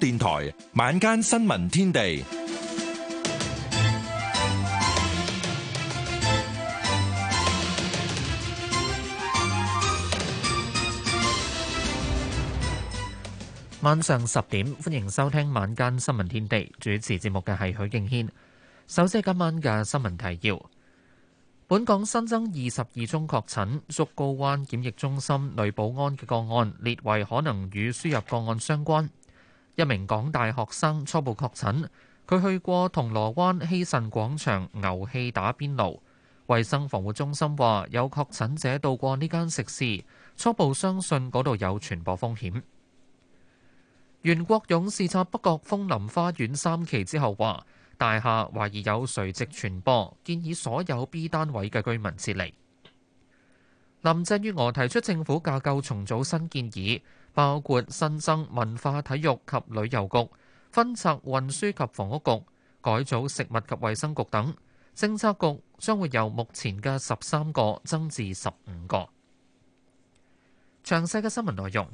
電台晚間新聞天地，晚上十點歡迎收聽晚間新聞天地。主持節目嘅係許敬軒，首先今晚嘅新聞提要：本港新增二十二宗確診，竹篙灣檢疫中心女保安嘅個案列為可能與輸入個案相關。一名港大學生初步確診，佢去過銅鑼灣希慎廣場牛氣打邊爐。衛生防護中心話有確診者到過呢間食肆，初步相信嗰度有傳播風險。袁國勇視察北角楓林花園三期之後話，大廈懷疑有垂直傳播，建議所有 B 單位嘅居民撤離。林鄭月娥提出政府架構重組新建議。包括新增文化、體育及旅遊局、分拆運輸及房屋局、改組食物及衛生局等，政策局將會由目前嘅十三個增至十五個。詳細嘅新聞內容，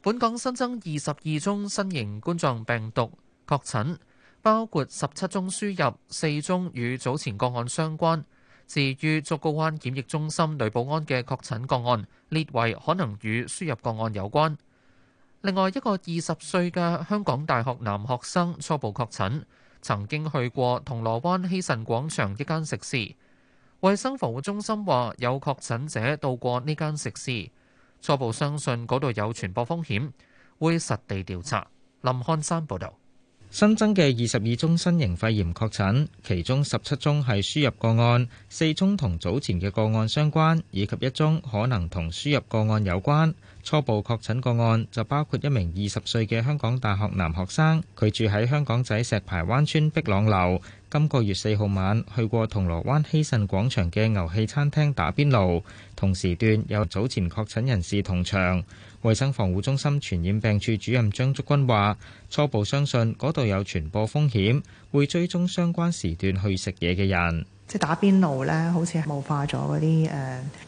本港新增二十二宗新型冠狀病毒確診，包括十七宗輸入，四宗與早前個案相關。至於竹篙灣檢疫中心女保安嘅確診個案，列為可能與輸入個案有關。另外一個二十歲嘅香港大學男學生初步確診，曾經去過銅鑼灣希慎廣場一間食肆。衛生服務中心話有確診者到過呢間食肆，初步相信嗰度有傳播風險，會實地調查。林漢山報導。新增嘅二十二宗新型肺炎確診，其中十七宗係輸入個案，四宗同早前嘅個案相關，以及一宗可能同輸入個案有關。初步確診個案就包括一名二十歲嘅香港大學男學生，佢住喺香港仔石排灣村碧朗樓，今個月四號晚去過銅鑼灣希慎廣場嘅牛氣餐廳打邊爐，同時段有早前確診人士同場。衛生防護中心傳染病處主任張竹君話：初步相信嗰度有傳播風險，會追蹤相關時段去食嘢嘅人。即係打邊爐咧，好似霧化咗嗰啲誒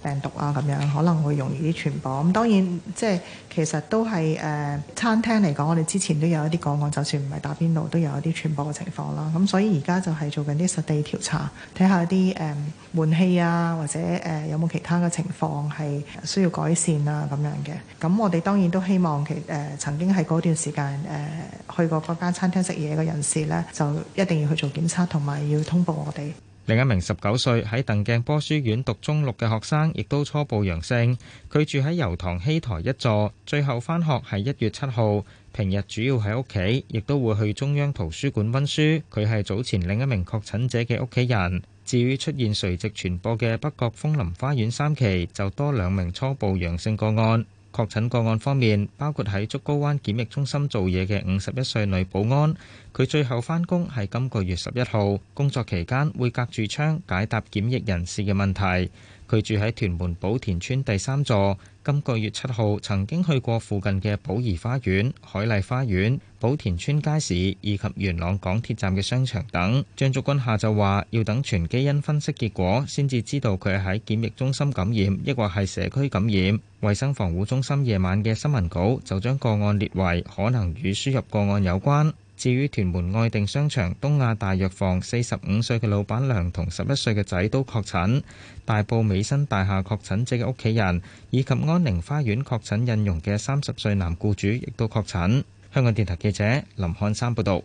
病毒啊，咁樣可能會容易啲傳播。咁當然即係其實都係誒、呃、餐廳嚟講，我哋之前都有一啲個案，就算唔係打邊爐，都有一啲傳播嘅情況啦。咁、嗯、所以而家就係做緊啲實地調查，睇下啲誒換氣啊，或者誒、呃、有冇其他嘅情況係需要改善啊咁樣嘅。咁、嗯、我哋當然都希望其誒、呃、曾經喺嗰段時間誒、呃、去過嗰間餐廳食嘢嘅人士咧，就一定要去做檢測，同埋要通報我哋。另一名十九歲喺鄧鏡波書院讀中六嘅學生，亦都初步陽性。佢住喺油塘希台一座，最後返學係一月七號。平日主要喺屋企，亦都會去中央圖書館溫書。佢係早前另一名確診者嘅屋企人。至於出現垂直傳播嘅北角楓林花園三期，就多兩名初步陽性個案。確診個案方面，包括喺竹篙灣檢疫中心做嘢嘅五十一歲女保安，佢最後返工係今個月十一號，工作期間會隔住窗解答檢疫人士嘅問題。佢住喺屯門寶田村第三座。今個月七號曾經去過附近嘅寶怡花園、海麗花園、寶田村街市以及元朗港鐵站嘅商場等。張竹君下晝話：要等全基因分析結果先至知道佢係喺檢疫中心感染，抑或係社區感染。衛生防護中心夜晚嘅新聞稿就將個案列為可能與輸入個案有關。至於屯門愛定商場、東亞大藥房，四十五歲嘅老闆娘同十一歲嘅仔都確診；大埔美新大廈確診者嘅屋企人，以及安寧花園確診印傭嘅三十歲男僱主，亦都確診。香港電台記者林漢山報道。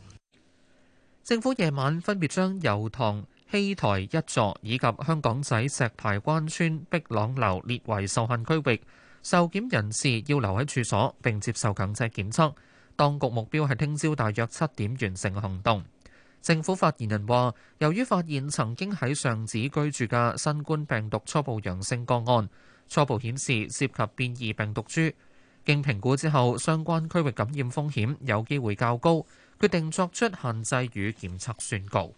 政府夜晚分別將油塘希台一座以及香港仔石排灣村碧朗樓列為受限區域，受檢人士要留喺住所並接受強制檢測。當局目標係聽朝大約七點完成行動。政府發言人話，由於發現曾經喺上址居住嘅新冠病毒初步陽性個案，初步顯示涉及變異病毒株，經評估之後，相關區域感染風險有機會較高，決定作出限制與檢測宣告。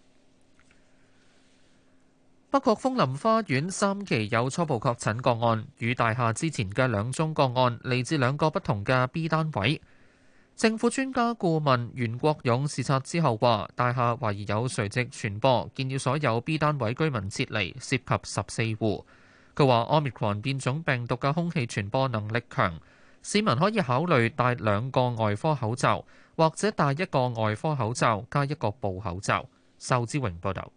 北角風林花園三期有初步確診個案，與大廈之前嘅兩宗個案嚟自兩個不同嘅 B 單位。政府專家顧問袁國勇視察之後話，大廈懷疑有垂直傳播，建議所有 B 單位居民撤離，涉及十四戶。佢話，Omicron 變種病毒嘅空氣傳播能力強，市民可以考慮戴兩個外科口罩，或者戴一個外科口罩加一個布口罩。仇之榮報導。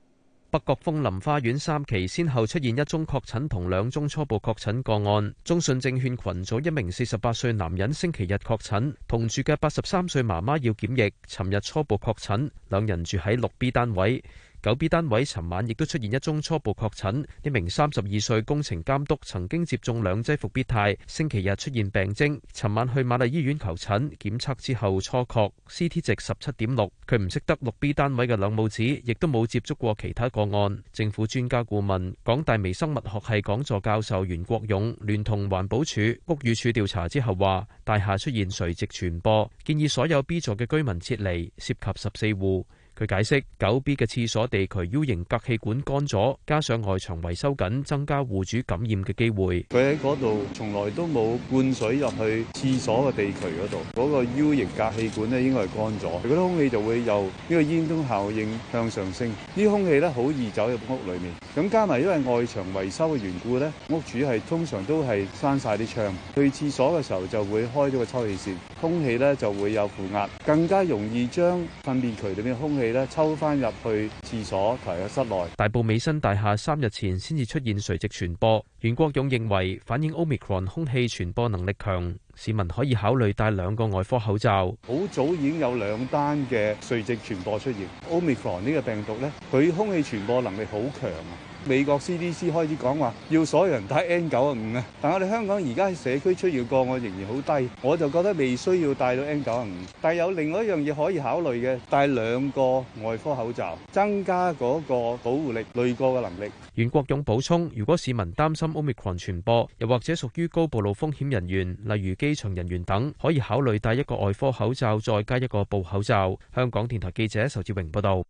北角楓林花園三期先後出現一宗確診同兩宗初步確診個案。中信證券群組一名四十八歲男人星期日確診，同住嘅八十三歲媽媽要檢疫，尋日初步確診，兩人住喺六 B 單位。九 B 單位尋晚亦都出現一宗初步確診，一名三十二歲工程監督曾經接種兩劑復必泰。星期日出現病徵，尋晚去瑪麗醫院求診檢測之後初確 CT 值十七點六。佢唔識得六 B 單位嘅兩母子，亦都冇接觸過其他個案。政府專家顧問港大微生物學系講座教授袁國勇聯同環保署屋宇署調查之後話，大廈出現垂直傳播，建議所有 B 座嘅居民撤離，涉及十四戶。佢解釋，九 B 嘅廁所地渠 U 型隔氣管乾咗，加上外牆維修緊，增加戶主感染嘅機會。佢喺嗰度從來都冇灌水入去廁所嘅地渠嗰度，嗰個 U 型隔氣管咧應該係乾咗，佢嗰啲空氣就會由呢個煙囪效應向上升，呢啲空氣咧好易走入屋裏面。咁加埋因為外牆維修嘅緣故咧，屋主係通常都係閂晒啲窗，去廁所嘅時候就會開咗個抽氣扇，空氣咧就會有負壓，更加容易將糞便渠裏面嘅空氣。抽翻入去廁所同埋室內。大埔美新大廈三日前先至出現垂直傳播。袁國勇認為反映 Omicron 空氣傳播能力強，市民可以考慮戴兩個外科口罩。好早已經有兩單嘅垂直傳播出現。Omicron 呢個病毒呢，佢空氣傳播能力好強啊！美國 CDC 開始講話要所有人戴 N 九啊五啊，但我哋香港而家喺社區出現個案仍然好低，我就覺得未需要戴到 N 九啊五。但有另外一樣嘢可以考慮嘅，戴兩個外科口罩，增加嗰個保護力、濾過嘅能力。袁國勇補充：如果市民擔心 Omicron 傳播，又或者屬於高暴露風險人員，例如機場人員等，可以考慮戴一個外科口罩，再加一個布口罩。香港電台記者仇志榮報道。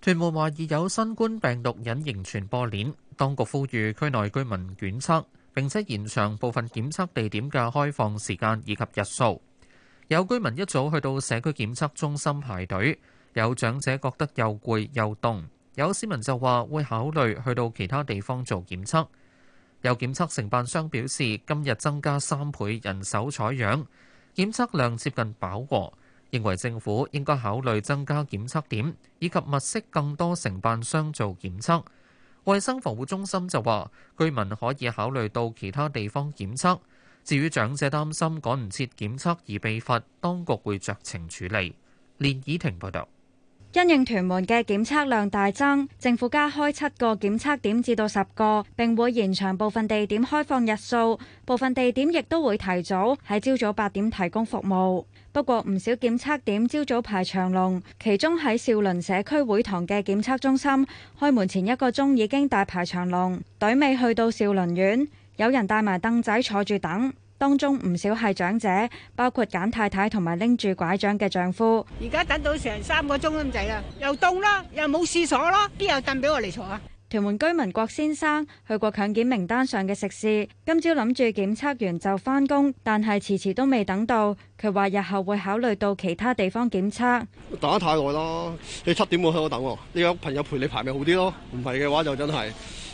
屯門懷疑有新冠病毒隱形傳播鏈，當局呼籲區內居民檢測，並且延長部分檢測地點嘅開放時間以及日數。有居民一早去到社區檢測中心排隊，有長者覺得又攰又凍，有市民就話會考慮去到其他地方做檢測。有檢測承辦商表示，今日增加三倍人手採樣，檢測量接近飽和。認為政府應該考慮增加檢測點，以及物色更多承辦商做檢測。衞生防護中心就話，居民可以考慮到其他地方檢測。至於長者擔心趕唔切檢測而被罰，當局會酌情處理。連倚婷報導，因應屯門嘅檢測量大增，政府加開七個檢測點至到十個，並會延長部分地點開放日數，部分地點亦都會提早喺朝早八點提供服務。不過唔少檢測點朝早排長龍，其中喺兆麟社區會堂嘅檢測中心開門前一個鐘已經大排長龍，隊尾去到兆麟苑，有人帶埋凳仔坐住等。當中唔少係長者，包括簡太太同埋拎住拐杖嘅丈夫。而家等到成三個鐘咁滯啦，又凍啦，又冇廁所啦，邊有凳俾我嚟坐啊？屯門居民郭先生去過強檢名單上嘅食肆，今朝諗住檢測完就返工，但係遲遲都未等到。佢話：日後會考慮到其他地方檢測，等得太耐啦。你七點半喺度等喎，你有朋友陪你排咪好啲咯？唔係嘅話就真係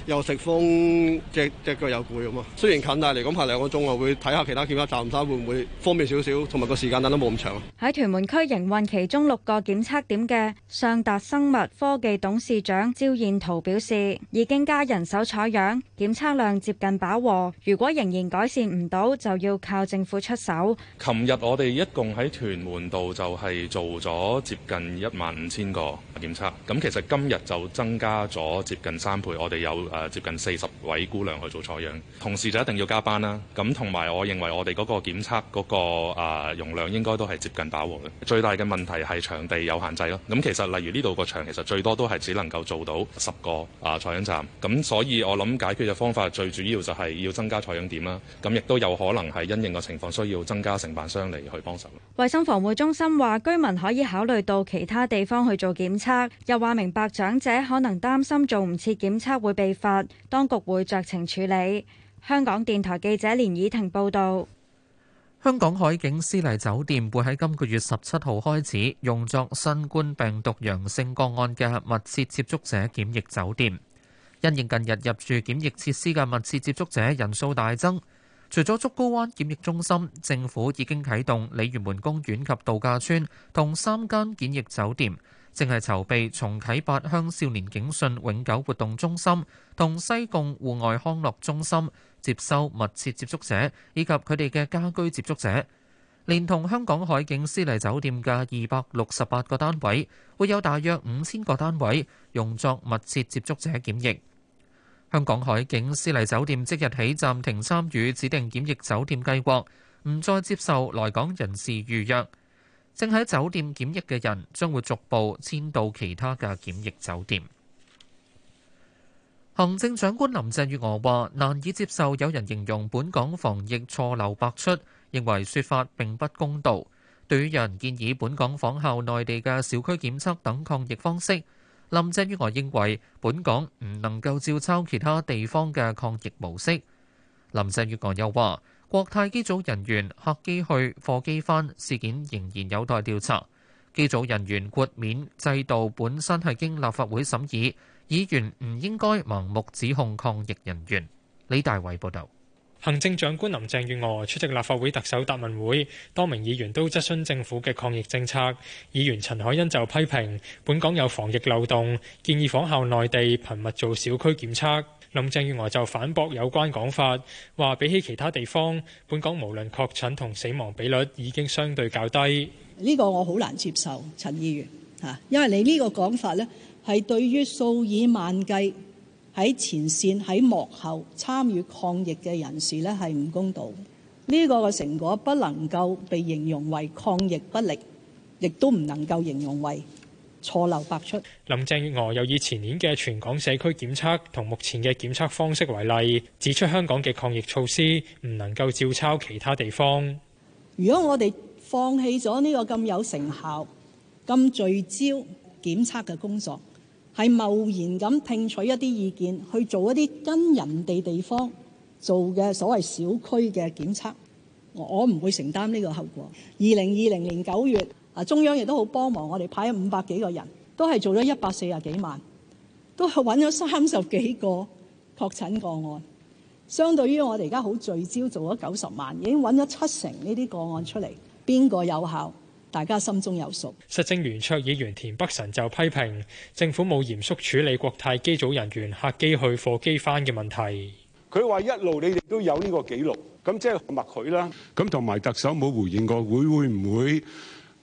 又食風，只隻腳又攰咁啊！雖然近，但係嚟講排兩個鐘啊，會睇下其他檢測站會唔會方便少少，同埋個時間等得冇咁長。喺屯門區營運其中六個檢測點嘅上達生物科技董事長焦燕桃表示，已經加人手採樣，檢測量接近飽和。如果仍然改善唔到，就要靠政府出手。琴日我。我哋一共喺屯門度就係做咗接近一萬五千個檢測，咁其實今日就增加咗接近三倍，我哋有誒、呃、接近四十位姑娘去做採樣，同時就一定要加班啦。咁同埋，我認為我哋嗰個檢測嗰個啊、呃、容量應該都係接近飽和嘅。最大嘅問題係場地有限制咯。咁其實例如呢度個場其實最多都係只能夠做到十個啊採樣站。咁所以，我諗解決嘅方法最主要就係要增加採樣點啦。咁亦都有可能係因應個情況需要增加承辦商嚟。去幫手。衞生防護中心話，居民可以考慮到其他地方去做檢測，又話明白長者可能擔心做唔切檢測會被罰，當局會酌情處理。香港電台記者連以婷報導。香港海景絲麗酒店會喺今個月十七號開始用作新冠病毒陽性個案嘅密切接觸者檢疫酒店，因應近日入住檢疫設施嘅密切接觸者人數大增。除咗竹篙灣檢疫中心，政府已經啟動鯉魚門公園及度假村同三間檢疫酒店，正係籌備重啟八鄉少年警訊永久活動中心同西貢戶外康樂中心，接收密切接觸者以及佢哋嘅家居接觸者。連同香港海景絲麗酒店嘅二百六十八個單位，會有大約五千個單位用作密切接觸者檢疫。香港海景絲麗酒店即日起暫停參與指定檢疫酒店計劃，唔再接受來港人士預約。正喺酒店檢疫嘅人將會逐步遷到其他嘅檢疫酒店。行政長官林鄭月娥話：難以接受有人形容本港防疫錯漏百出，認為説法並不公道。對於有人建議本港仿效內地嘅小區檢測等抗疫方式。林鄭月娥認為，本港唔能夠照抄其他地方嘅抗疫模式。林鄭月娥又話：國泰機組人員客機去貨機返事件仍然有待調查。機組人員豁免制度本身係經立法會審議，議員唔應該盲目指控抗疫人員。李大偉報導。行政長官林鄭月娥出席立法會特首答問會，多名議員都質詢政府嘅抗疫政策。議員陳凱欣就批評本港有防疫漏洞，建議仿效內地頻密做小區檢測。林鄭月娥就反駁有關講法，話比起其他地方，本港無論確診同死亡比率已經相對較低。呢個我好難接受，陳議員吓，因為你呢個講法呢，係對於數以萬計，喺前線、喺幕後參與抗疫嘅人士呢，係唔公道。呢、這個嘅成果不能夠被形容為抗疫不力，亦都唔能夠形容為錯漏百出。林鄭月娥又以前年嘅全港社區檢測同目前嘅檢測方式為例，指出香港嘅抗疫措施唔能夠照抄其他地方。如果我哋放棄咗呢個咁有成效、咁聚焦檢測嘅工作，係貿然咁聽取一啲意見，去做一啲跟人哋地方做嘅所謂小區嘅檢測，我唔會承擔呢個後果。二零二零年九月，啊中央亦都好幫忙我哋派咗五百幾個人，都係做咗一百四十幾萬，都係揾咗三十幾個確診個案。相對於我哋而家好聚焦做咗九十萬，已經揾咗七成呢啲個案出嚟，邊個有效？大家心中有數。實政圓桌議員田北辰就批評政府冇嚴肅處理國泰機組人員客機去貨機返嘅問題。佢話一路你哋都有呢個記錄，咁即係默許啦。咁同埋特首冇回應過，會會唔會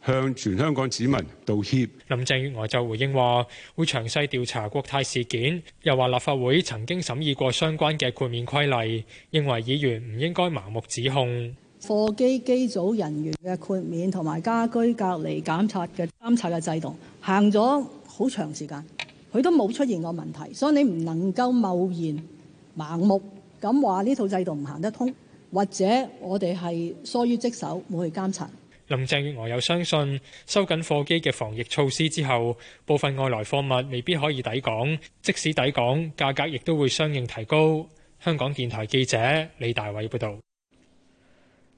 向全香港市民道歉？林鄭月娥就回應話會詳細調查國泰事件，又話立法會曾經審議過相關嘅豁免規例，認為議員唔應該盲目指控。貨機機組人員嘅豁免同埋家居隔離檢測嘅監察嘅制度，行咗好長時間，佢都冇出現過問題，所以你唔能夠貿然盲目咁話呢套制度唔行得通，或者我哋係疏於職守冇去監察。林鄭月娥又相信，收緊貨機嘅防疫措施之後，部分外來貨物未必可以抵港，即使抵港，價格亦都會相應提高。香港電台記者李大偉報導。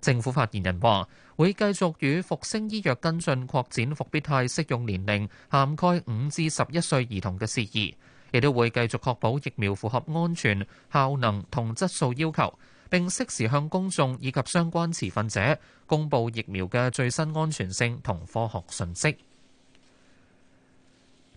政府發言人話：會繼續與復星醫藥跟進擴展復必泰適用年齡，涵蓋五至十一歲兒童嘅事宜。亦都會繼續確保疫苗符合安全、效能同質素要求，並適時向公眾以及相關持份者公布疫苗嘅最新安全性同科學信息。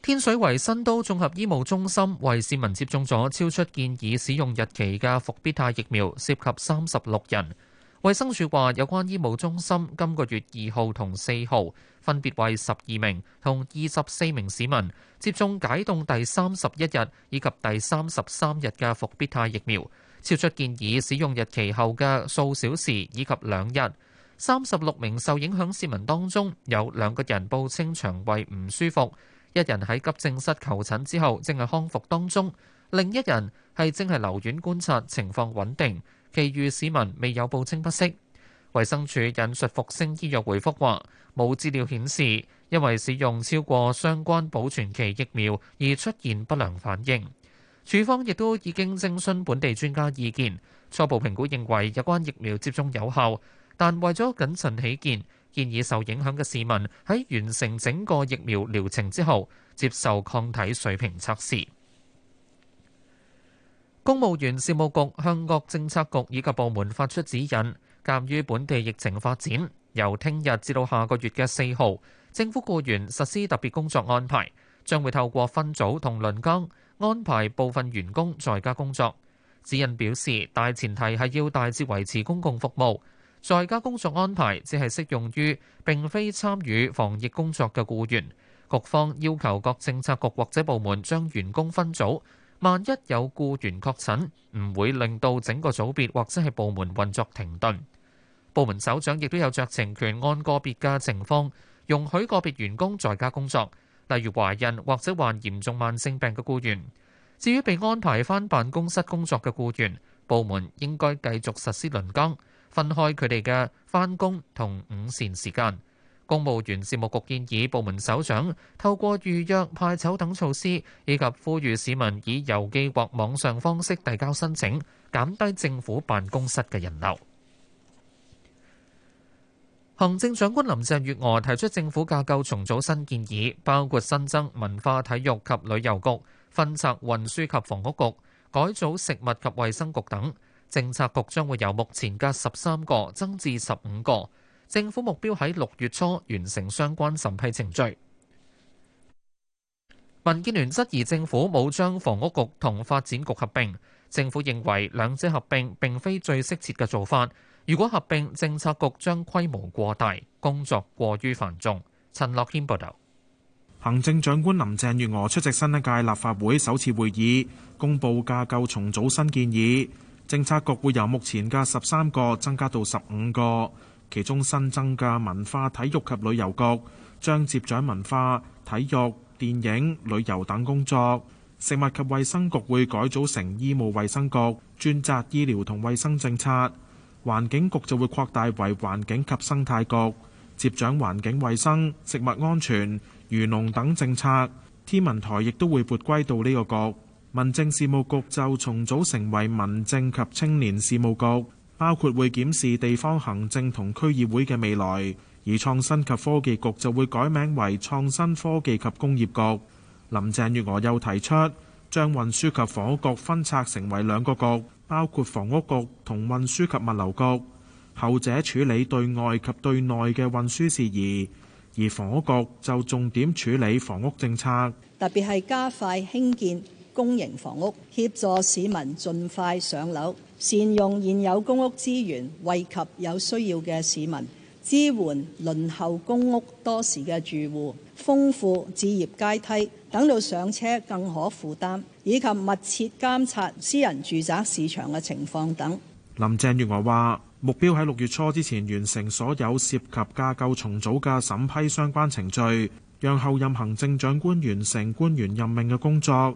天水圍新都綜合醫務中心為市民接種咗超出建議使用日期嘅復必泰疫苗，涉及三十六人。衛生署話，有關醫務中心今個月二號、同四號，分別為十二名同二十四名市民接種解凍第三十一日以及第三十三日嘅復必泰疫苗，超出建議使用日期後嘅數小時以及兩日。三十六名受影響市民當中，有兩個人報稱腸胃唔舒服，一人喺急症室求診之後正係康復當中，另一人係正係留院觀察，情況穩定。其餘市民未有報稱不適，衛生署引述復星醫藥回覆話，冇資料顯示因為使用超過相關保存期疫苗而出現不良反應，處方亦都已經徵詢本地專家意見，初步評估認為有關疫苗接種有效，但為咗謹慎起見，建議受影響嘅市民喺完成整個疫苗療程之後接受抗體水平測試。公務員事務局向各政策局以及部門發出指引，鑑於本地疫情發展，由聽日至到下個月嘅四號，政府雇員實施特別工作安排，將會透過分組同輪更安排部分員工在家工作。指引表示，大前提係要大致維持公共服務，在家工作安排只係適用於並非參與防疫工作嘅雇員。局方要求各政策局或者部門將員工分組。萬一有雇員確診，唔會令到整個組別或者係部門運作停頓。部門首長亦都有酌情權，按個別嘅情況容許個別員工在家工作，例如懷孕或者患嚴重慢性病嘅雇員。至於被安排返辦公室工作嘅雇員，部門應該繼續實施輪崗，分開佢哋嘅返工同午膳時間。公務員事務局建議部門首長透過預約派籌等措施，以及呼籲市民以郵寄或網上方式遞交申請，減低政府辦公室嘅人流。行政長官林鄭月娥提出政府架構重組新建議，包括新增文化體育及旅遊局、分拆運輸及房屋局、改組食物及衛生局等。政策局將會由目前嘅十三個增至十五個。政府目標喺六月初完成相關審批程序。民建聯質疑政府冇將房屋局同發展局合併。政府認為兩者合併並非最適切嘅做法。如果合併，政策局將規模過大，工作過於繁重。陳樂軒報道。行政長官林鄭月娥出席新一屆立法會首次會議，公布架構重組新建議。政策局會由目前嘅十三個增加到十五個。其中新增嘅文化、體育及旅遊局將接掌文化、體育、電影、旅遊等工作；食物及衛生局會改組成醫務衛生局，專責醫療同衛生政策；環境局就會擴大為環境及生態局，接掌環境、衛生、食物安全、漁農等政策；天文台亦都會撥歸到呢個局；民政事務局就重組成為民政及青年事務局。包括會檢視地方行政同區議會嘅未來，而創新及科技局就會改名為創新科技及工業局。林鄭月娥又提出將運輸及房屋局分拆成為兩個局，包括房屋局同運輸及物流局，後者處理對外及對內嘅運輸事宜，而房屋局就重點處理房屋政策，特別係加快興建公營房屋，協助市民盡快上樓。善用現有公屋資源，惠及有需要嘅市民；支援輪候公屋多時嘅住戶，豐富置業階梯，等到上車更可負擔；以及密切監察私人住宅市場嘅情況等。林鄭月娥話：目標喺六月初之前完成所有涉及架構重組嘅審批相關程序，讓後任行政長官完成官員任命嘅工作。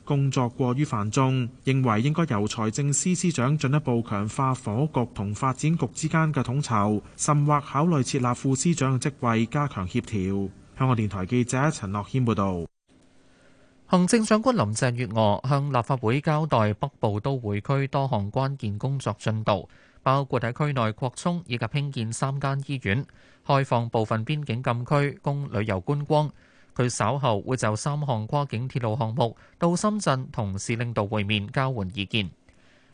工作過於繁重，認為應該由財政司司長進一步強化房屋局同發展局之間嘅統籌，甚或考慮設立副司長嘅職位加強協調，香港電台記者陳樂謙報道。行政長官林鄭月娥向立法會交代北部都會區多項關鍵工作進度，包括喺區內擴充以及興建三間醫院，開放部分邊境禁區供旅遊觀光。佢稍後會就三項跨境鐵路項目到深圳同市領導會面，交換意見。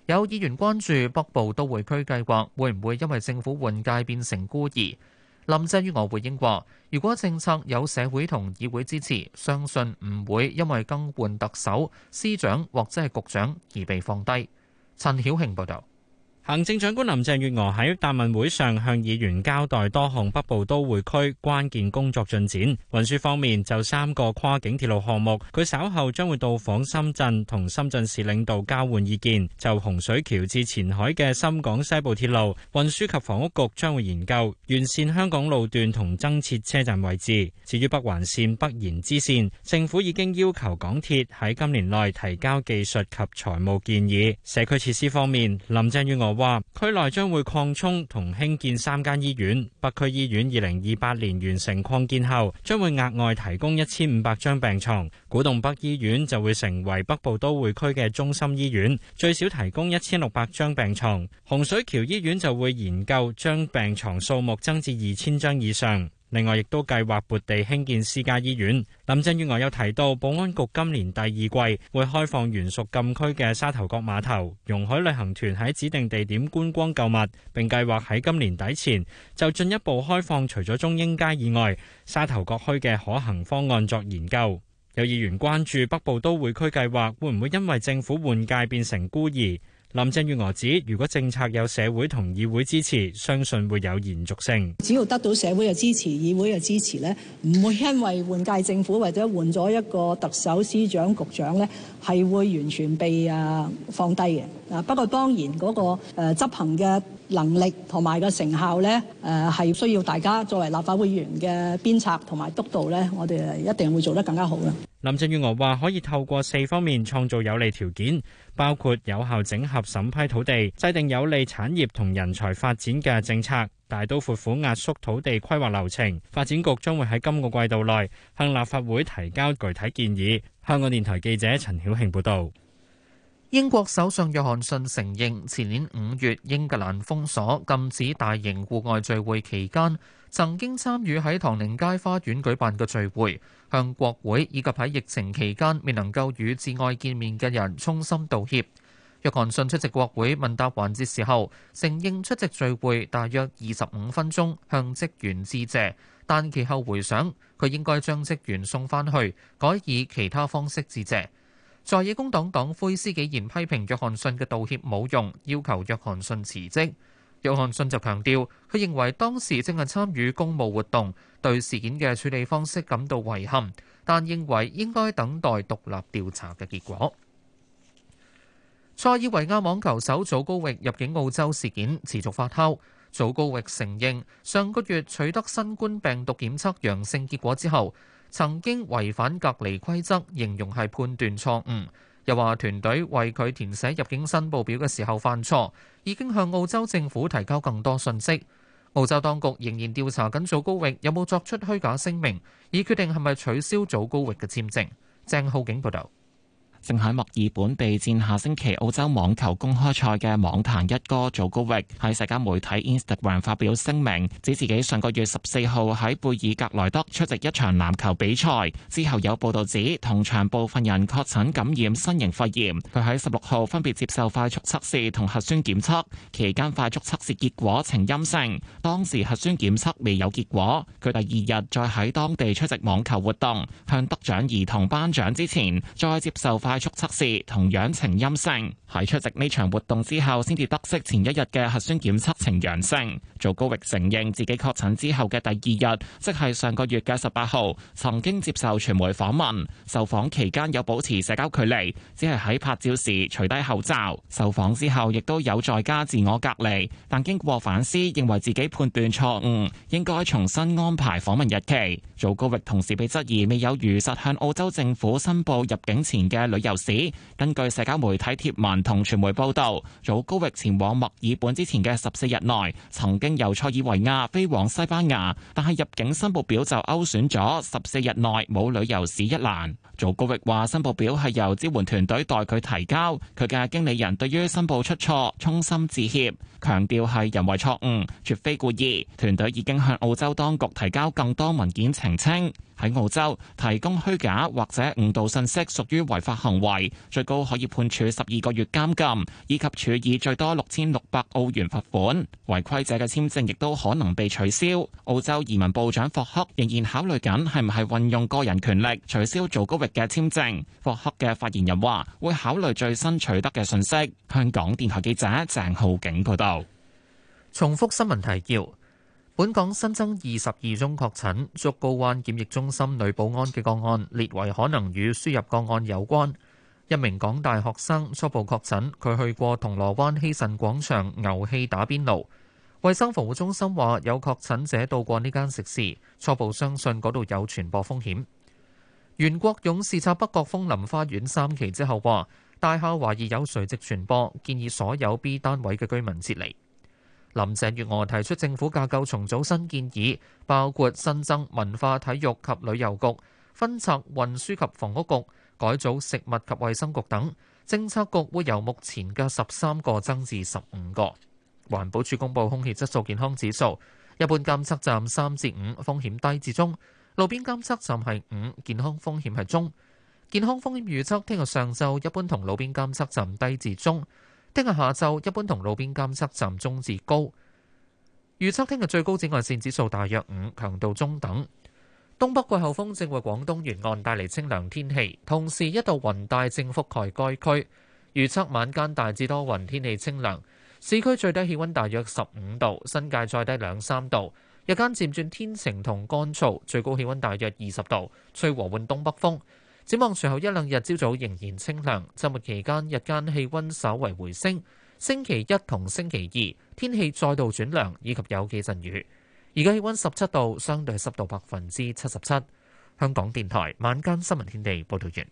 有議員關注北部都會區計劃會唔會因為政府換屆變成孤兒。林鄭月娥回應話，如果政策有社會同議會支持，相信唔會因為更換特首、司長或者係局長而被放低。陳曉慶報道。行政長官林鄭月娥喺答問會上向議員交代多項北部都會區關鍵工作進展。運輸方面，就三個跨境鐵路項目，佢稍後將會到訪深圳同深圳市領導交換意見。就洪水橋至前海嘅深港西部鐵路，運輸及房屋局將會研究完善香港路段同增設車站位置。至於北環線北延支線，政府已經要求港鐵喺今年內提交技術及財務建議。社區設施方面，林鄭月娥，話區內將會擴充同興建三間醫院，北區醫院二零二八年完成擴建後，將會額外提供一千五百張病床，古洞北醫院就會成為北部都會區嘅中心醫院，最少提供一千六百張病床，洪水橋醫院就會研究將病床數目增至二千張以上。另外，亦都計劃撥地興建私家醫院。林鄭月娥又提到，保安局今年第二季會開放原屬禁區嘅沙頭角碼頭，容許旅行團喺指定地點觀光購物。並計劃喺今年底前就進一步開放，除咗中英街以外，沙頭角區嘅可行方案作研究。有議員關注北部都會區計劃會唔會因為政府換屆變成孤兒。林鄭月娥指，如果政策有社會同議會支持，相信會有延續性。只要得到社會嘅支持、議會嘅支持咧，唔會因為換屆政府或者換咗一個特首、司長、局長咧，係會完全被啊放低嘅。嗱，不過當然嗰個誒執行嘅。能力同埋個成效咧，誒係需要大家作為立法會議員嘅鞭策同埋督導咧，我哋一定會做得更加好嘅。林鄭月娥話：可以透過四方面創造有利條件，包括有效整合審批土地、制定有利產業同人才發展嘅政策、大刀闊斧壓縮土地規劃流程。發展局將會喺今個季度內向立法會提交具體建議。香港電台記者陳曉慶報導。英國首相約翰遜承認，前年五月英格蘭封鎖、禁止大型戶外聚會期間，曾經參與喺唐寧街花園舉辦嘅聚會，向國會以及喺疫情期間未能夠與摯愛見面嘅人衷心道歉。約翰遜出席國會問答環節時候，承認出席聚會大約二十五分鐘，向職員致謝，但其後回想，佢應該將職員送返去，改以其他方式致謝。在野工黨黨魁施紀賢批評約翰遜嘅道歉冇用，要求約翰遜辭職。約翰遜就強調，佢認為當時正係參與公務活動，對事件嘅處理方式感到遺憾，但認為應該等待獨立調查嘅結果。塞爾維亞網球手祖高域入境澳洲事件持續發酵。祖高域承認上個月取得新冠病毒檢測陽性結果之後，曾經違反隔離規則，形容係判斷錯誤。又話團隊為佢填寫入境申報表嘅時候犯錯，已經向澳洲政府提交更多信息。澳洲當局仍然調查緊祖高域有冇作出虛假聲明，以決定係咪取消祖高域嘅簽證。鄭浩景報道。正喺墨爾本備戰下星期澳洲網球公開賽嘅網壇一哥祖高域喺社交媒體 Instagram 發表聲明，指自己上個月十四號喺貝爾格萊德出席一場籃球比賽，之後有報道指同場部分人確診感染新型肺炎。佢喺十六號分別接受快速測試同核酸檢測，期間快速測試結果呈陰性，當時核酸檢測未有結果。佢第二日再喺當地出席網球活動，向得獎兒童頒獎之前再接受。快速測試同樣呈陰性，喺出席呢場活動之後先至得悉前一日嘅核酸檢測呈陽性。祖高域承認自己確診之後嘅第二日，即係上個月嘅十八號，曾經接受傳媒訪問，受訪期間有保持社交距離，只係喺拍照時除低口罩。受訪之後亦都有在家自我隔離，但經過反思，認為自己判斷錯誤，應該重新安排訪問日期。祖高域同時被質疑未有如實向澳洲政府申報入境前嘅旅遊史，根據社交媒體貼文同傳媒報道，祖高域前往墨爾本之前嘅十四日內，曾經由塞爾維亞飛往西班牙，但係入境申報表就勾選咗十四日內冇旅遊史一欄。祖高域話申報表係由支援團隊代佢提交，佢嘅經理人對於申報出錯，衷心致歉，強調係人為錯誤，絕非故意。團隊已經向澳洲當局提交更多文件澄清。喺澳洲提供虛假或者誤導信息屬於違法行為，最高可以判處十二個月監禁以及處以最多六千六百澳元罰款。違規者嘅簽證亦都可能被取消。澳洲移民部長霍克仍然考慮緊，係唔係運用個人權力取消祖高域嘅簽證。霍克嘅發言人話會考慮最新取得嘅信息。香港電台記者鄭浩景報道。重複新聞提要。本港新增二十二宗確診，竹篙灣檢疫中心女保安嘅個案列為可能與輸入個案有關，一名港大學生初步確診，佢去過銅鑼灣希慎廣場牛氣打邊爐。衛生防護中心話有確診者到過呢間食肆，初步相信嗰度有傳播風險。袁國勇視察北角楓林花園三期之後話，大廈懷疑有垂直傳播，建議所有 B 單位嘅居民撤離。林鄭月娥提出政府架構重組新建議，包括新增文化體育及旅遊局、分拆運輸及房屋局、改組食物及衛生局等。政策局會由目前嘅十三個增至十五個。環保署公布空氣質素健康指數，一般監測站三至五，風險低至中；路邊監測站係五，健康風險係中。健康風險預測，聽日上晝一般同路邊監測站低至中。聽日下晝一般同路邊監測站中至高，預測聽日最高紫外線指數大約五，強度中等。東北季候風正為廣東沿岸帶嚟清涼天氣，同時一道雲帶正覆蓋該區，預測晚間大致多雲，天氣清涼。市區最低氣温大約十五度，新界再低兩三度。日間漸轉天晴同乾燥，最高氣温大約二十度，吹和緩東北風。展望隨後一兩日，朝早仍然清涼，周末期間日間氣溫稍為回升。星期一同星期二天氣再度轉涼，以及有幾陣雨。而家氣溫十七度，相對濕度百分之七十七。香港電台晚間新聞天地報道完。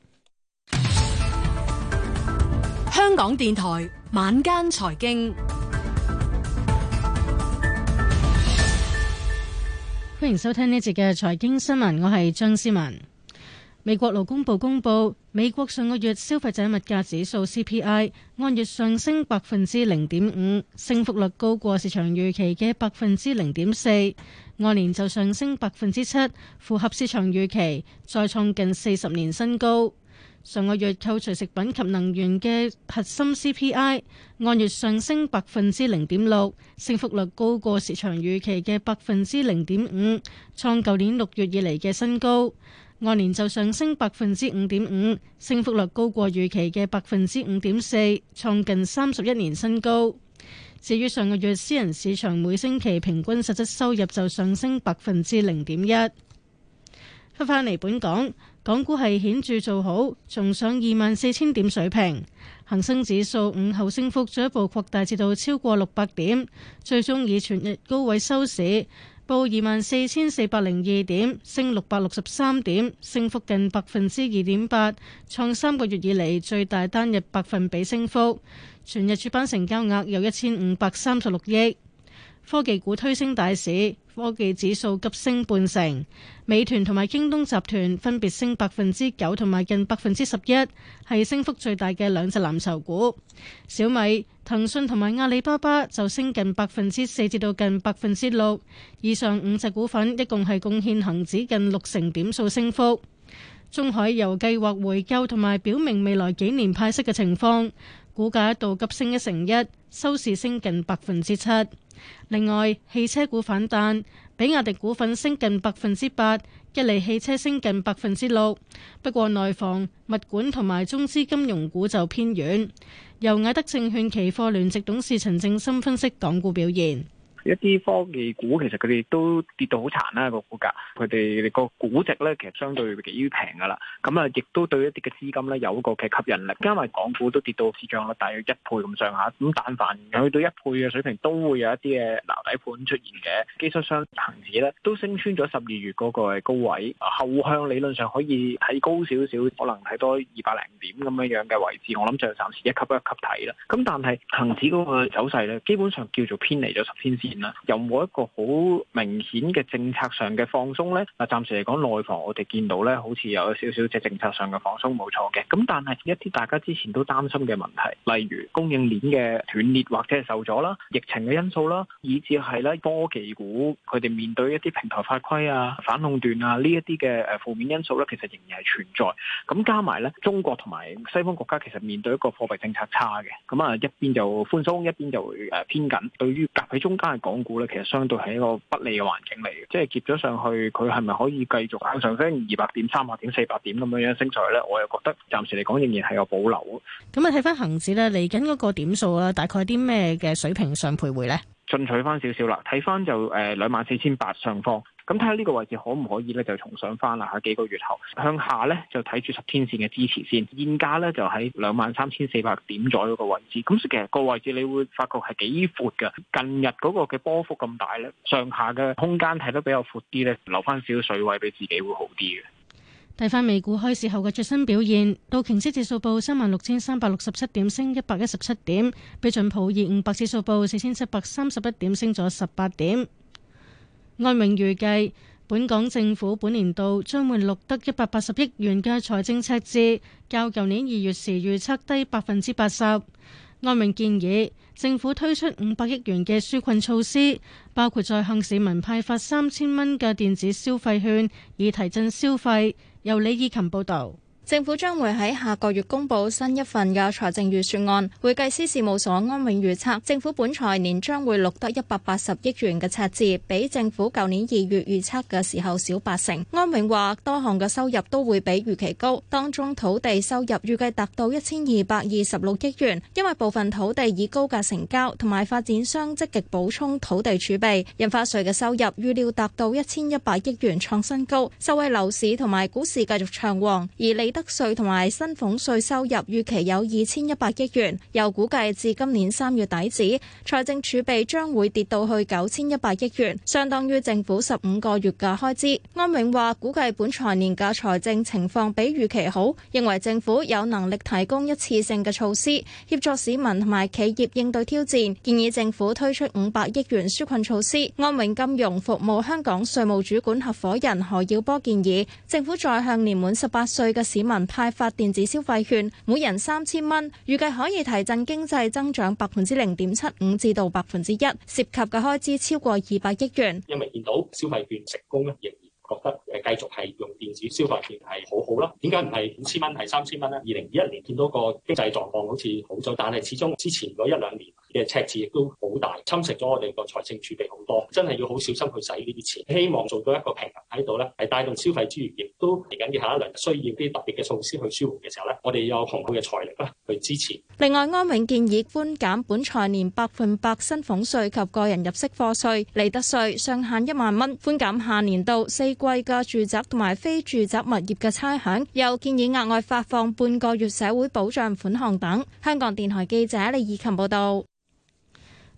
香港電台晚間財經，歡迎收聽呢節嘅財經新聞，我係張思文。美國勞工部公布，美國上個月消費者物價指數 CPI 按月上升百分之零點五，升幅率高過市場預期嘅百分之零點四，按年就上升百分之七，符合市場預期，再創近四十年新高。上個月扣除食品及能源嘅核心 CPI 按月上升百分之零點六，升幅率高過市場預期嘅百分之零點五，創舊年六月以嚟嘅新高。按年就上升百分之五點五，升幅率高過預期嘅百分之五點四，創近三十一年新高。至於上個月私人市場每星期平均實質收入就上升百分之零點一。翻返嚟，本港，港股係顯著做好，重上二萬四千點水平，恒生指數午後升幅進一步擴大至到超過六百點，最終以全日高位收市。報二萬四千四百零二點，升六百六十三點，升幅近百分之二點八，創三個月以嚟最大單日百分比升幅。全日主板成交額有一千五百三十六億。科技股推升大市，科技指數急升半成。美團同埋京東集團分別升百分之九同埋近百分之十一，係升幅最大嘅兩隻藍籌股。小米、騰訊同埋阿里巴巴就升近百分之四至到近百分之六。以上五隻股份一共係貢獻恒指近六成點數升幅。中海油計劃回購同埋表明未來幾年派息嘅情況，股價一度急升一成一，收市升近百分之七。另外，汽車股反彈，比亞迪股份升近百分之八，吉利汽車升近百分之六。不過，內房、物管同埋中資金融股就偏軟。由艾德證券期貨聯席董事陳正森分析港股表現。一啲科技股其實佢哋都跌到好殘啦個股價，佢哋個估值咧其實相對幾於平噶啦，咁啊亦都對一啲嘅資金咧有一個嘅吸引力。加埋港股都跌到市賬率，大約一倍咁上下。咁但凡去到一倍嘅水平都會有一啲嘅撈底盤出現嘅。技術上恆指咧都升穿咗十二月嗰個高位，後向理論上可以睇高少少，可能睇多二百零點咁樣樣嘅位置。我諗就暫時一級一級睇啦。咁但係恆指嗰個走勢咧，基本上叫做偏離咗十天線。有冇一個好明顯嘅政策上嘅放鬆呢？嗱，暫時嚟講內房，我哋見到呢，好似有少少即係政策上嘅放鬆冇錯嘅。咁但係一啲大家之前都擔心嘅問題，例如供應鏈嘅斷裂或者係受阻啦、疫情嘅因素啦，以至係咧科技股佢哋面對一啲平台法規啊、反壟斷啊呢一啲嘅誒負面因素呢，其實仍然係存在。咁加埋呢中國同埋西方國家其實面對一個貨幣政策差嘅，咁啊一邊就寬鬆，一邊就會偏緊。對於夾喺中間。港股咧，其實相對係一個不利嘅環境嚟嘅，即係接咗上去，佢係咪可以繼續向上升二百點、三百點、四百點咁樣樣升上去咧？我又覺得暫時嚟講仍然係有保留。咁啊，睇翻恆指咧嚟緊嗰個點數啊，大概啲咩嘅水平上徘徊咧？進取翻少少啦，睇翻就誒兩萬四千八上方。咁睇下呢個位置可唔可以呢，就重上翻啦。幾個月後向下呢就睇住十天線嘅支持先。現價呢就喺兩萬三千四百點左右嘅位置，咁其實個位置你會發覺係幾闊嘅。近日嗰個嘅波幅咁大呢，上下嘅空間睇得比較闊啲呢，留翻少水位俾自己會好啲嘅。睇翻美股開市後嘅最新表現，道瓊斯指數報三萬六千三百六十七點，升一百一十七點，標準普爾五百指數報四千七百三十一點，升咗十八點。安永預計，本港政府本年度將會錄得一百八十億元嘅財政赤字，較舊年二月時預測低百分之八十。安永建議政府推出五百億元嘅紓困措施，包括在向市民派發三千蚊嘅電子消費券，以提振消費。由李以琴報導。政府將會喺下個月公布新一份嘅財政預算案。會計師事務所安永預測，政府本財年將會錄得一百八十億元嘅赤字，比政府舊年二月預測嘅時候少八成。安永話，多項嘅收入都會比預期高，當中土地收入預計達到一千二百二十六億元，因為部分土地以高價成交，同埋發展商積極補充土地儲備。印花稅嘅收入預料達到一千一百億元，創新高，受惠樓市同埋股市繼續暢旺。而你得稅同埋薪俸稅收入預期有二千一百億元，又估計至今年三月底止，財政儲備將會跌到去九千一百億元，相當於政府十五個月嘅開支。安永話估計本財年嘅財政情況比預期好，認為政府有能力提供一次性嘅措施協助市民同埋企業應對挑戰，建議政府推出五百億元紓困措施。安永金融服務香港稅務主管合伙人何耀波建議，政府再向年滿十八歲嘅市民。民派發電子消費券，每人三千蚊，預計可以提振經濟增長百分之零點七五至到百分之一，涉及嘅開支超過二百億元。因為見到消費券成功咧。覺得誒繼續係用電子消費券係好好啦，點解唔係五千蚊係三千蚊咧？二零二一年見到個經濟狀況好似好咗，但係始終之前嗰一兩年嘅赤字亦都好大，侵蝕咗我哋個財政儲備好多，真係要好小心去使呢啲錢。希望做到一個平衡喺度咧，係帶動消費，至於亦都嚟緊嘅下一輪需要啲特別嘅措施去舒緩嘅時候咧，我哋有雄厚嘅財力咧去支持。另外，安永建議寬減本財年百分百薪俸稅及個人入息課稅利得稅上限一萬蚊，寬減下年度四。貴價住宅同埋非住宅物業嘅差餉，又建議額外發放半個月社會保障款項等。香港電台記者李以琴報道。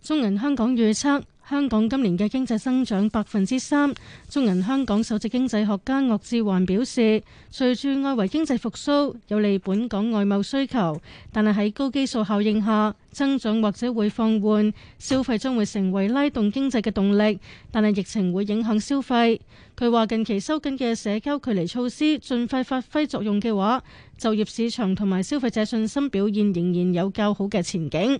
中銀香港預測。香港今年嘅經濟增長百分之三，中銀香港首席經濟學家岳志環表示，隨住外圍經濟復甦，有利本港外貿需求，但係喺高基數效應下，增長或者會放緩，消費將會成為拉動經濟嘅動力，但係疫情會影響消費，佢話近期收緊嘅社交距離措施儘快發揮作用嘅話，就業市場同埋消費者信心表現仍然有較好嘅前景。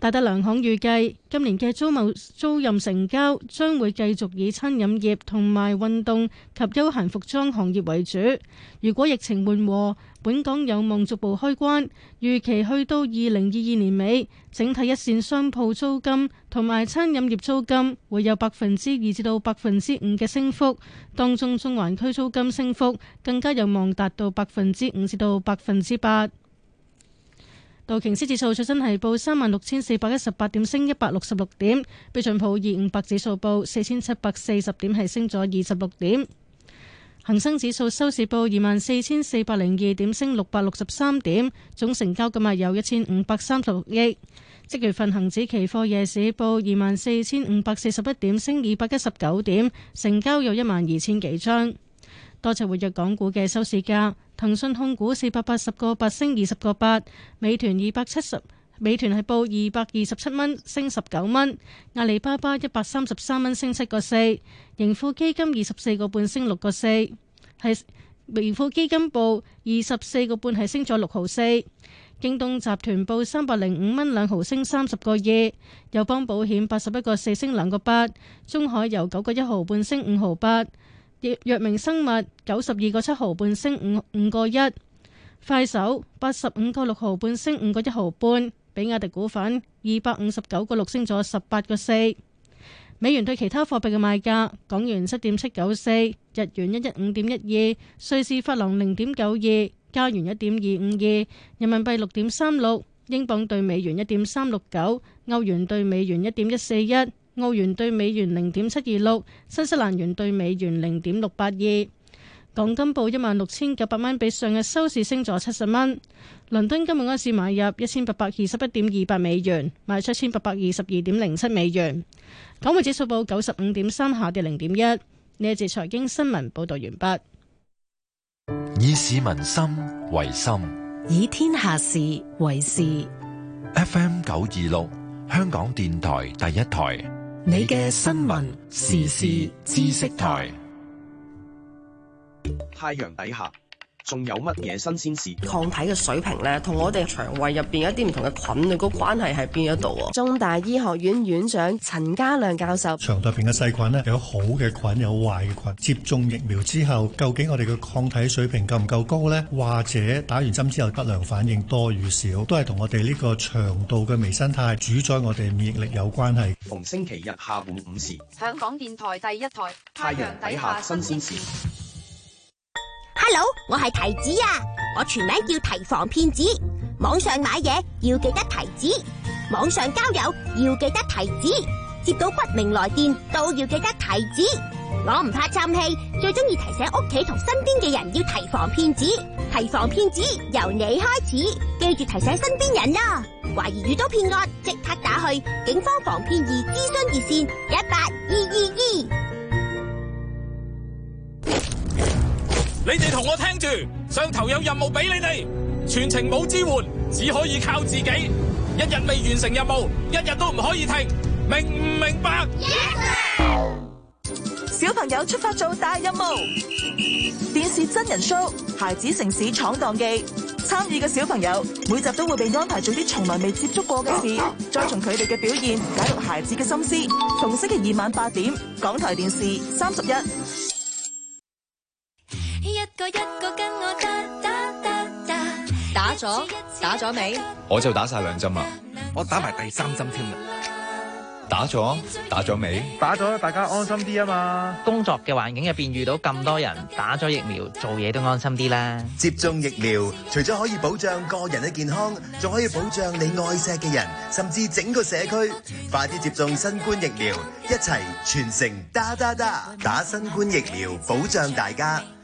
戴德梁行預計今年嘅租務租賃成交將會繼續以餐飲業同埋運動及休閒服裝行業為主。如果疫情緩和，本港有望逐步開關，預期去到二零二二年尾，整體一線商鋪租金同埋餐飲業租金會有百分之二至到百分之五嘅升幅。當中中環區租金升幅更加有望達到百分之五至到百分之八。道瓊斯指數最新係報三萬六千四百一十八點，升一百六十六點。標準普爾五百指數報四千七百四十點，係升咗二十六點。恒生指數收市報二萬四千四百零二點，升六百六十三點。總成交今日有一千五百三十六億。即月份恒指期貨夜市報二萬四千五百四十一點，升二百一十九點，成交有一萬二千幾張。多隻活躍港股嘅收市價，騰訊控股四百八十個八升二十個八，美團二百七十，美團係報二百二十七蚊升十九蚊，阿里巴巴一百三十三蚊升七個四，盈富基金二十四個半升六個四，係盈富基金報二十四個半係升咗六毫四，京東集團報三百零五蚊兩毫升三十個二，友邦保險八十一個四升兩個八，中海油九個一毫半升五毫八。藥明生物九十二個七毫半升五五個一，快手八十五個六毫半升五個一毫半，比亞迪股份二百五十九個六升咗十八個四，美元兌其他貨幣嘅賣價：港元七點七九四，日元一一五點一二，瑞士法郎零點九二，加元一點二五二，人民幣六點三六，英鎊兌美元一點三六九，歐元兌美元一點一四一。澳元兌美元零點七二六，新西蘭元兌美元零點六八二。港金報一萬六千九百蚊，比上日收市升咗七十蚊。倫敦今日開市買入一千八百二十一點二八美元，賣出千八百二十二點零七美元。港匯指數報九十五點三，下跌零點一。呢一節財經新聞報道完畢。以市民心為心，以天下事為事。F.M. 九二六，香港電台第一台。你嘅新聞時事知識台，太陽底下。仲有乜嘢新鮮事？抗體嘅水平咧，我腸同我哋腸胃入邊一啲唔同嘅菌嘅個關係係邊一度啊？中大醫學院院長陳家亮教授：，腸入邊嘅細菌咧，有好嘅菌，有壞嘅菌。接種疫苗之後，究竟我哋嘅抗體水平夠唔夠高咧？或者打完針之後不良反應多與少，都係同我哋呢個腸道嘅微生態主宰我哋免疫力有關係。逢星期日下午五時，香港電台第一台，太陽底下新鮮事。Hello，我係提子啊，我全名叫提防騙子。網上買嘢要記得提子，網上交友要記得提子，接到不明來電都要記得提子。我唔怕嘆氣，最中意提醒屋企同身邊嘅人要提防騙子。提防騙子由你開始，記住提醒身邊人啦。懷疑遇到騙案，即刻打去警方防騙二諮詢熱線一八二二二。你哋同我聽住，上頭有任務俾你哋，全程冇支援，只可以靠自己。一日未完成任務，一日都唔可以停，明唔明白？Yeah. 小朋友出發做大任務，電視真人 show《孩子城市闖蕩記》，參與嘅小朋友每集都會被安排做啲從來未接觸過嘅事，再從佢哋嘅表現解讀孩子嘅心思。逢星期二晚八點，港台電視三十一。咗打咗未？我就打晒兩針啦，我打埋第三針添啦。打咗，打咗未？打咗，大家安心啲啊嘛！工作嘅環境入邊遇到咁多人打咗疫苗，做嘢都安心啲啦。接種疫苗，除咗可以保障個人嘅健康，仲可以保障你愛錫嘅人，甚至整個社區。快啲接種新冠疫苗，一齊全城打打打，打新冠疫苗保障大家。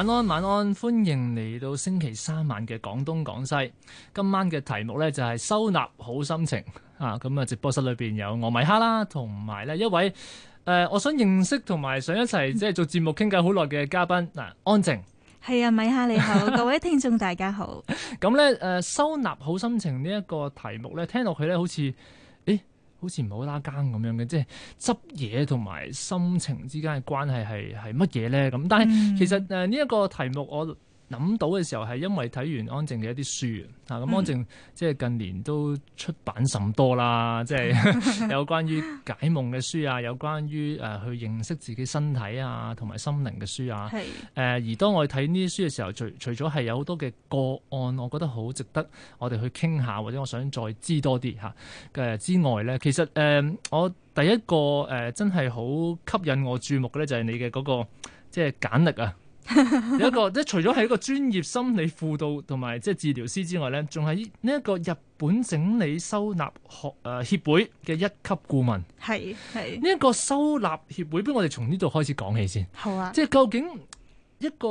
晚安，晚安，歡迎嚟到星期三晚嘅廣東廣西。今晚嘅題目呢，就係收納好心情啊！咁啊，直播室裏邊有我米哈啦，同埋呢一位誒、呃，我想認識同埋想一齊即係做節目傾偈好耐嘅嘉賓嗱、啊，安靜。係啊，米哈你好， 各位聽眾大家好。咁呢，誒，收納好心情呢一個題目呢，聽落去呢好似。好似唔好拉更咁樣嘅，即係執嘢同埋心情之間嘅關係係係乜嘢咧？咁但係其實誒呢一個題目我諗到嘅時候係因為睇完安靜嘅一啲書啊，咁安靜即係近年都出版甚多啦，嗯、即係有關於解夢嘅書啊， 有關於誒去認識自己身體啊同埋心靈嘅書啊，係誒是而當我睇呢啲書嘅時候，除除咗係有好多嘅個案，我覺得好值得我哋去傾下，或者我想再知多啲嚇嘅之外咧，其實誒、呃、我第一個誒、呃、真係好吸引我注目嘅咧、嗰個，就係、係、你嘅嗰、嗰個即係、就係、簡歷啊。有 一個即係除咗係一個專業心理輔導同埋即係治療師之外咧，仲係呢一個日本整理收納學誒協會嘅一級顧問。係係呢一個收納協會，不如我哋從呢度開始講起先。好啊，即係究竟一個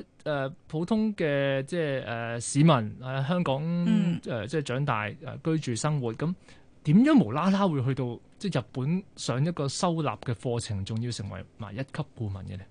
誒、呃、普通嘅即係誒市民喺、呃、香港誒、嗯呃、即係長大誒、呃、居住生活，咁點樣無啦啦會去到即係日本上一個收納嘅課程，仲要成為埋一級顧問嘅咧？